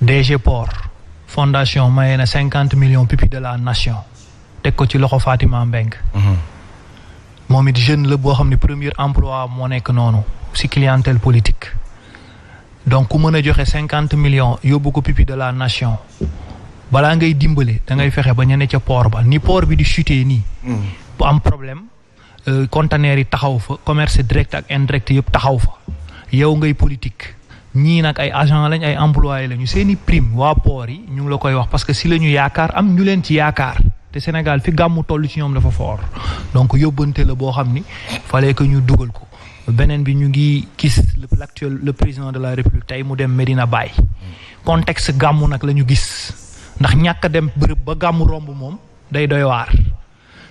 DG Port fondation mayee na cinquante millions pupilles de la nation teg ko ci loxo Fatima Mbeng mhm. moom it jeune la boo xam ne premier emploi moo nekk noonu si clientèle politique donc ku mën a joxe cinquante millions yóbbu ko pupille de la nation balaa ngay dimbale da ngay fexe ba ñu ne ca poor ba ni poor bi di chuter nii mhm. bu am problème euh, conteneurs yi taxaw fa commerce direct ak indirect yëpp taxaw fa yow ngay politique ñii nag ay agent lañ ay employé lañu seen i prime waa port yi ñu ngi la koy wax parce que si lañu ñu yaakaar am ñu leen ci yaakaar te Sénégal fi gàmmu toll ci ñoom dafa foor donc yóbbante la boo xam ni fallait que ñu dugal ko beneen bi ñu ngi gis l'actuel le président de la République tey mu dem Medina Baye contexte gàmmu nag la ñu gis ndax ñàkk dem bërëb ba gàmmu romb moom day doy waar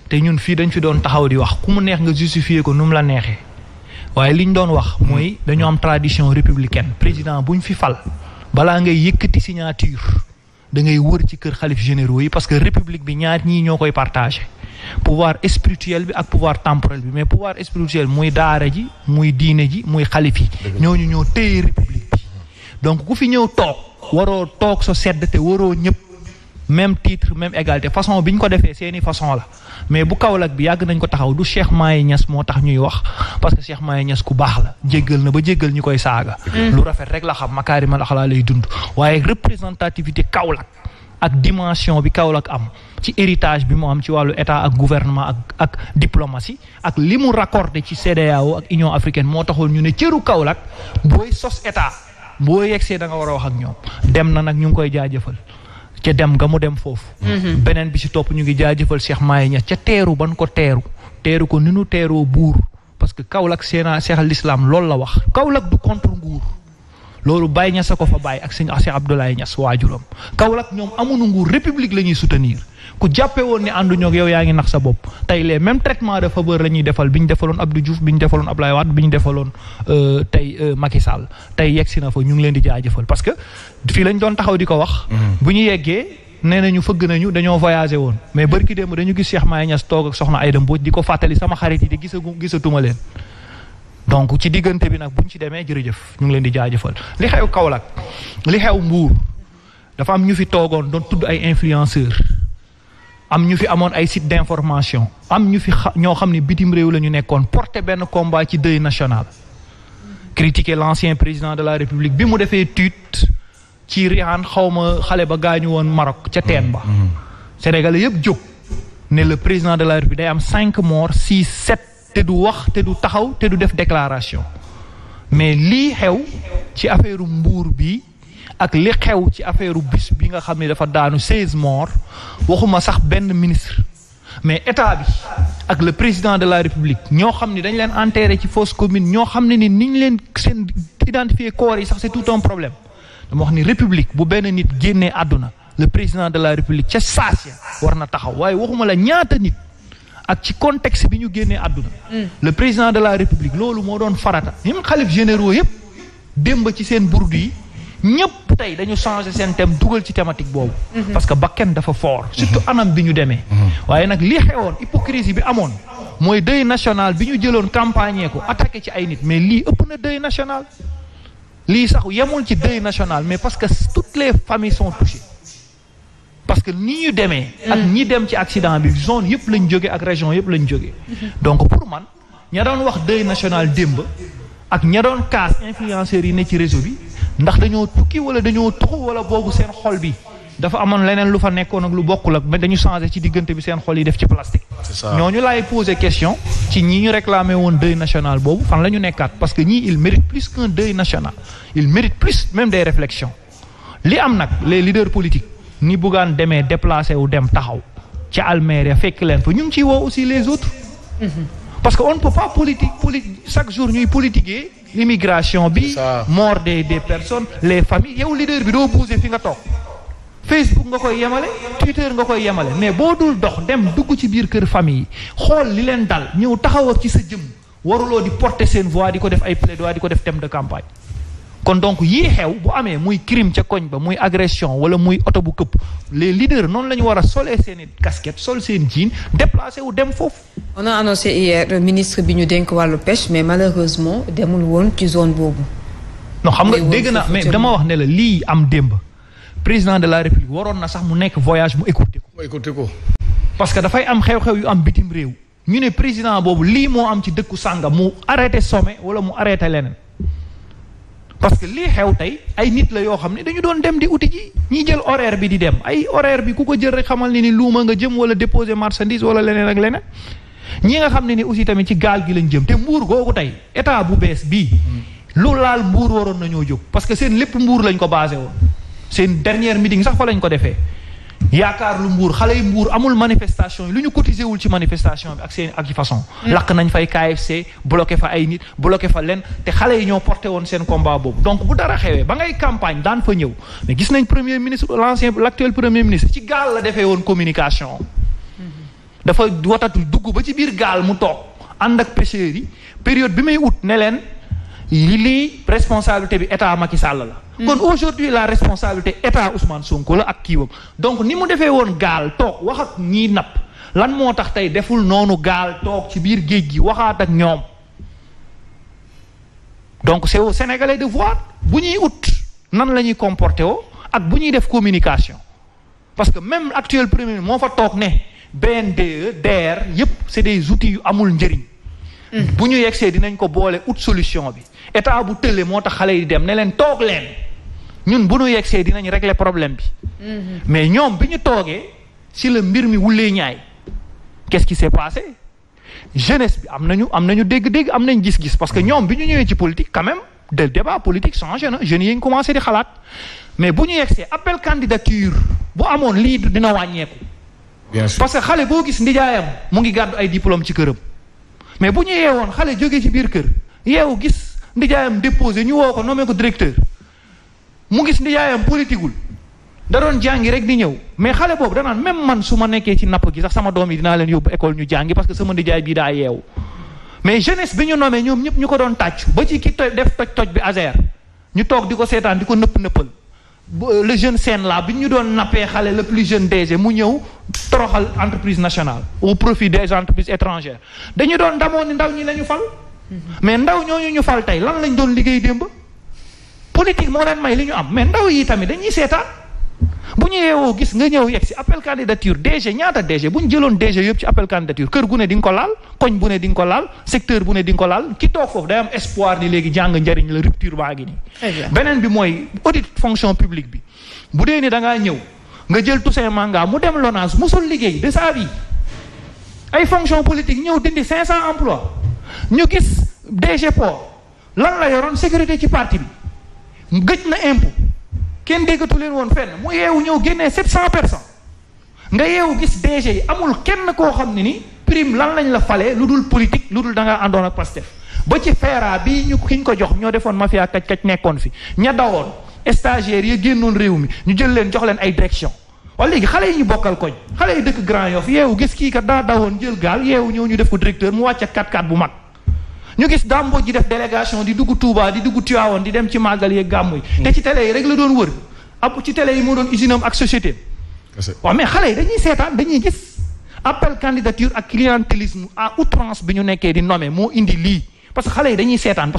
te ñun fii dañ fi doon taxaw di wax ku mu neex nga justifier ko nu mu la neexee. waaye li ñu doon wax mooy mm. dañu am tradition républicaine président bu ñu fi fal balaa ngay yëkkati signature da ngay wër ci kër xalif généraux yi parce que république bi ñaar ñii ñoo koy partagé pouvoir spirituel bi ak pouvoir temporel bi mais pouvoir spirituel muy daara ji muy diine ji muy xalif yi ñu ñoo téye république bi donc ku fi ñëw toog waroo toog sa sedd te waroo ñëpp même titre même égalité façon bi ñu ko defee seeni façon la mais bu Kaolack bi yàgg nañ ko taxaw du Cheikh Maye ñas moo tax ñuy wax parce que Cheikh Maye Niass ku baax la jéggal na ba jéggal ñu koy saaga. Mm. lu rafet rek la xam ma makaarimal xalaa lay dund waaye représentativité Kaolack ak dimension bi Kaolack am ci héritage bi mu am ci wàllu état ak gouvernement ak ak diplomatie ak li mu raccordé ci CEDEAO ak Union africaine moo taxoon ñu ne cëru Kaolack booy sos état boo yegsee da nga war a wax ak ñoom dem na nag ñu ngi koy jaajëfal. ca dem nga mu dem foofu. Mhm. beneen bi si topp ñu ngi jaajëfal Cheikh Maye Niass ca teeru ban ko teeru teeru ko ni nu teeroo buur parce que Kaolack seena Cheikh al Islam loolu la wax Kaolack du contre nguur loolu Baye Niass a ko fa bàyyi ak sëñ Cheikh Abdoulaye Niass waajuram Kaolack ñoom amuñu nguur république la ñuy soutenir. ku jàppee woon ne ànduñoo ak yow yaa ngi nax sa bopp tey les mêmes traitements de faveur la defal bi ñu defaloon Abdou Diouf bi ñu defaloon Ablaye Wade bi ñu defaloon euh, tey euh, Macky tey yegg si na fa ñu ngi leen di jaajëfal parce que fii lañ doon taxaw di ko wax. Mm-hmm. bu ñu yeggee nee nañu fëgg nañu dañoo voyagé woon mais mm-hmm. barki démb dañu gis Cheikh Maye Niass toog ak Soxna Aïda Mbodj di ko fàttali sama xarit yi di gisagu gisatuma leen. donc ci diggante bi nag bu ñu ci demee jërëjëf ñu ngi leen di jaajëfal li xew Kaolack li xew Mbour dafa am ñu fi toogoon doon tudd ay influenceurs am ñu fi amoon ay site d'information am ñu fi ñoo xam ne bitim réew la ñu nekkoon porter benn combat ci deuil national critiquer l'ancien président de la république bi mu defee tuit ci Rihan xaw ma xale ba gaañu woon Maroc ca teen ba mm-hmm. sénégalais yëpp jóg ne le président de la république day am cinq morts six sept te du wax te du taxaw te du def déclaration mais lii xew ci affaire mbuur bi ak li xew ci affaire bus bi nga xam ne dafa daanu seize morts waxuma sax benn ministre mais état bi ak le président de la république ñoo xam ne dañ leen enterré ci fosse commune ñoo xam ne ni ni ñu leen seen identifier coor yi sax c'est tout un problème dama wax ni république bu benn nit génnee àdduna le président de la république ca saas war na taxaw waaye waxuma la ñaata nit ak ci contexte bi ñu génnee àdduna mm. le président de la république loolu moo doon farata ñun xalif généraux yépp démb ci seen burdu yi ñëpp tey dañu changé seen thème dugal ci thématique boobu. Mhm. parce que bakken dafa fort. Mhm. surtout anam bi ñu demee. Mhm. waaye nag li xewoon hypocrisie bi amoon. mooy deuil national bi ñu jëloon campagne ko attaqué ci ay nit mais lii ëpp na deuil national. lii saxu yemul ci deuil national mais parce que toutes les famille sont touchées. parce que ni ñu demee. ak ñi dem ci accident bi zone yëpp lañ jóge ak région yëpp lañu jóge donc pour man ña doon wax deuil national démb. ak ña doon kaas yi ne ci réseau bi. ndax dañoo tukki wala dañoo tuxu wala boobu seen xol bi dafa amoon leneen lu fa nekkoon ak lu bokkul ak dañu changé ci diggante bi seen xol yi def ci plastique. ñooñu laay posé question ci ñi ñu réclamé woon deuil national boobu fan la ñu nekkaat parce que ñii il mérite plus qu'un deuil national il mérite plus même des réflexions li am nag les leaders politiques ni buggaan demee déplacé wu dem taxaw ci Almeria fekk leen fa ñu ngi ciy woo aussi les autres. Mm-hmm. parce que on ne peut pas politique politique chaque jour ñuy politiquer immigration bi. mort des des personnes les familles yow leader bi doo bouger fi nga toog. Facebook nga koy yemale Twitter nga koy yemale mais boo dul dox dem dugg ci biir kër famille xool li leen dal ñëw taxaw ci sa jëm waruloo di porte seen voix di ko def ay plaidoyer di ko def thème de campagne. kon donc yii xew bu amee muy crime ca koñ ba muy agression wala muy oto bu këpp le leaders noonu la ñu war a solee seen i sol seen jean déplacé wu dem foofu. on a annoncé bi ñu dénk wàllu pêche mais malheureusement demul woon ci zone boobu. noo xam nga dégg na mais dama wax ne la lii am démb président de la république waroon na sax mu nekk voyage mu écouté ko. écouté ko. parce que dafay am xew-xew yu am bitim réew. ñu ne président boobu lii moo am ci dëkku sànga mu arrêté sommet wala mu arrêté leneen. parce que lii xew tey ay nit la yoo xam ne dañu doon dem di uti ji ñi jël horaire bi di dem ay horaire bi ku ko jël rek xamal ne ni luuma nga jëm wala déposé marchandise wala leneen ak leneen ñi nga xam ne ni aussi tamit ci gaal gi lañ jëm te mbuur googu tey état bu bees bii hmm. lu laal mbuur waroon nañoo jóg parce que seen lépp mbuur lañ ko basé woon seen dernière meeting sax fa lañ ko defee yaakaar lu mbuur xale yu mbuur amul manifestation yi lu ñu cotisé wul ci manifestation bi ak seen ak façon mm. lakk nañ fay KFC bloqué fa ay nit bloqué fa leen te xale yi ñoo porté woon seen combat boobu donc bu dara xewee ba ngay campagne daan fa ñëw mais gis nañ premier ministre l'ancien l'actuel premier ministre ci gaal la defee woon communication mm-hmm. dafa watatu dugg ba ci biir gaal mu toog ànd ak pêcheurs yi période bi may ut ne leen lii responsabilité bi état Macky Sall la. Mm. kon aujourd'hui la responsabilité état Ousmane Sonko la ak kiiwam donc ni mu defee woon gaal toog wax ak ñiy napp lan moo tax tey deful noonu gaal toog ci biir géej gi waxaat ak ñoom donc c'est au Sénégalais de voir bu ñuy ut nan la ñuy comporté woo ak bu ñuy def communication parce que même actuel premier moo fa toog ne BNDE DER yépp c'est des outils yu amul njëriñ. Mm. bu ñu yegsee dinañ ko boole ut solution bi état bu tële moo tax xale yi dem ne leen toog leen ñun bu ñu yegsee dinañ régler problème bi. Mm-hmm. mais ñoom bi ñu toogee si la mbir mi wulee ñaay qu'est-ce qui s'est passé jeunesse bi am nañu am nañu dégg-dégg am nañ gis-gis parce que ñoom bi ñu ñëwee ci politique quand même de débat politique changé na jeunes yi ñu commencé di xalaat mais bu ñu yegsee appel candidature bu amoon lii dina wàññeeku. bien sûr parce que xale boo gis ndijaayam mu ngi gàddu ay diplôme ci këram. mais bu ñu yeewoon xale jóge ci biir kër yeewu gis ndijaayam déposé ñu woo ko nommé ko directeur mu gis ndijaayam politiqueul da doon jàngi rek di ñëw mais xale boobu da naan même man su ma nekkee ci napp gi sax sama doom yi dinaa leen yóbbu école ñu jàngi parce que sama ndijaay bii daa yeewu mais jeunesse bi ñu nommé ñoom ñëpp ñu ko doon tàcc ba ci ki def toj toj bi azer ñu toog di ko seetaan di ko nëpp nëppal Euh, le jeune seen la bi ñu doon nappee xale le plus jeune DG mu ñëw toroxal entreprise nationale au profit des entreprises étrangères dañu doon ndamoo ni ndaw ñi la ñu fal mhm. mais ndaw ñoo ñu ñu fal tey lan lañ doon liggéey démb politique moo leen may li ñu am mais ndaw yi tamit dañuy seetaan bu ñu yeewoo gis nga ñëw yegg si appel candidature DG ñaata DG bu ñu jëloon DG yëpp ci appel candidature kër gu ne di nga ko laal koñ bu ne di ko laal secteur bu ne di nga ko laal ki toog foofu day am espoir ni léegi jàng njëriñ la rupture baa ngi nii. Eh beneen bi mooy audit fonction publique bi bu dee ni da ngaa ñëw nga jël Toussaint Manga mu dem LONASE musul liggéey de sa ay fonction politique ñëw dindi 500 emplois ñu gis DG Port lan la yoroon sécurité ci parti bi gëj na impôt. kenn déggatu leen woon fenn mu yeewu ñëw génnee sept cent personnes nga yeewu gis DG yi amul kenn koo xam ne ni prime lan lañ la falee lu dul politique lu dul da ngaa àndoon ak Pastef ba ci feera bi ñu ki ko jox ñoo defoon mafia kaj kaj nekkoon fi ña dawoon stagiaires yi génnoon réew mi ñu jël leen jox leen ay direction wala léegi xale yi ñu bokkal koñ xale yi dëkk Grand Yoff yeewu gis kii kat daa dawoon jël gaal yeewu ñëw ñu def ko directeur mu wàcce 4-4 bu mag ñu gis dàmboo ji def délégation di dugg Touba di dugg Tivaouane di dem ci màggal yeeg gàmmu yi te ci télé yi rek la doon wër ab ci télé yi moo doon usine am ak société waaw mais xale yi dañuy seetaan dañuy gis appel candidature ak clientélisme à outrance bi ñu nekkee di nommé moo indi lii parce que xale yi dañuy seetaan